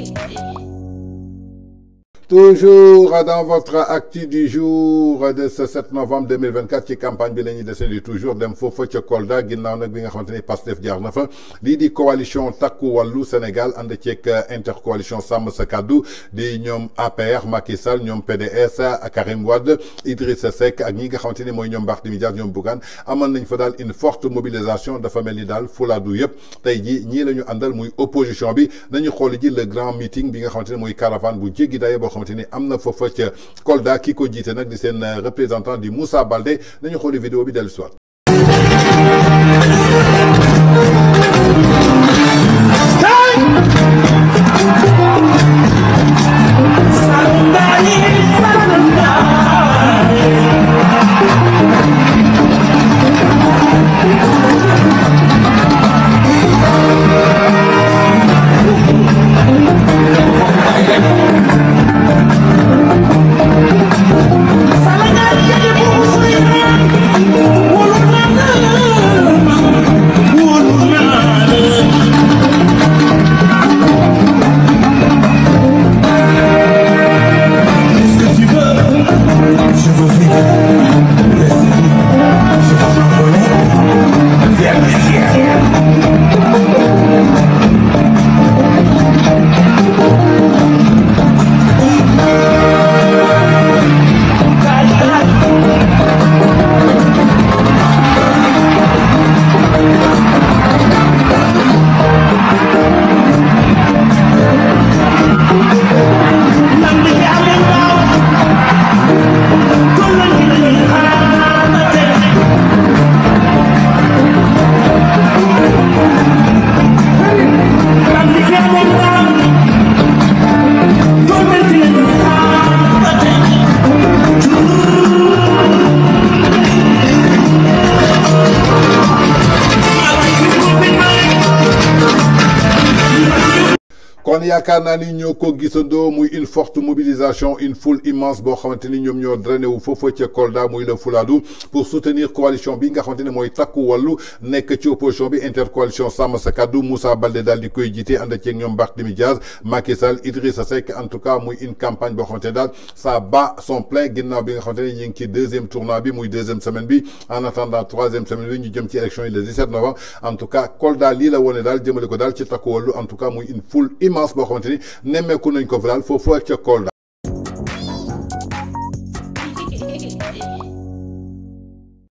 Yeah. toujours dans votre actu du jour de ce 7 novembre 2024 la campagne bi la de desandi toujours dem foofa ca Kolda ginnaaw nag bi nga xamante ni Pastef jaar fa di coalition Taku wàllu Sénégal ànd intercoalition Sam sa kàddu di ñoom APR Macky Sall PDS Karim Wade Idrissa Seck ak ñi nga xamante ni mooy ñoom Barthélémy Dias ñoom Bougane nañ fa une forte mobilisation de mel ni d'Al fulaadu yëpp tey jii ñii la ñu àndal opposition bi nañu xool ji le grand meeting bi nga xamante ni caravane bu jéggi daye xamante amna am ci foofa ca Kolda ki di sen euh, représentant di Moussa Baldé nañu xoli vidéo bi dellu soir. kon yaakaar naa ni ñoo ko gisandoo muy une forte mobilisation une foule immense boo xamante ni ñoom ñoo drainé wu foofa ca Kolda muy le Fuladu pour soutenir coalition bi nga xamante ne mooy takku wàllu nekk ci opposition bi intercoalition Sàmm Sa Kàddu Moussa Baldé daal di koy jiite ànd ceeg ñoom Barthélémy Dias Macky Sall Idrissa Seck en tout cas muy une campagne boo xamante ne daal ça bat son plein ginnaaw bi nga xamante ne ñu ngi ci deuxième tournoi bi muy deuxième semaine bi en attendant troisième semaine bi ñu jëm ci élection yi le 17 novembre en tout cas Kolda lii la wone daal jëmale ko daal ci takku wàllu en tout cas muy une foule immense. violence boo xamante ni nemmeeku nañ ko daal foofu ca Kolda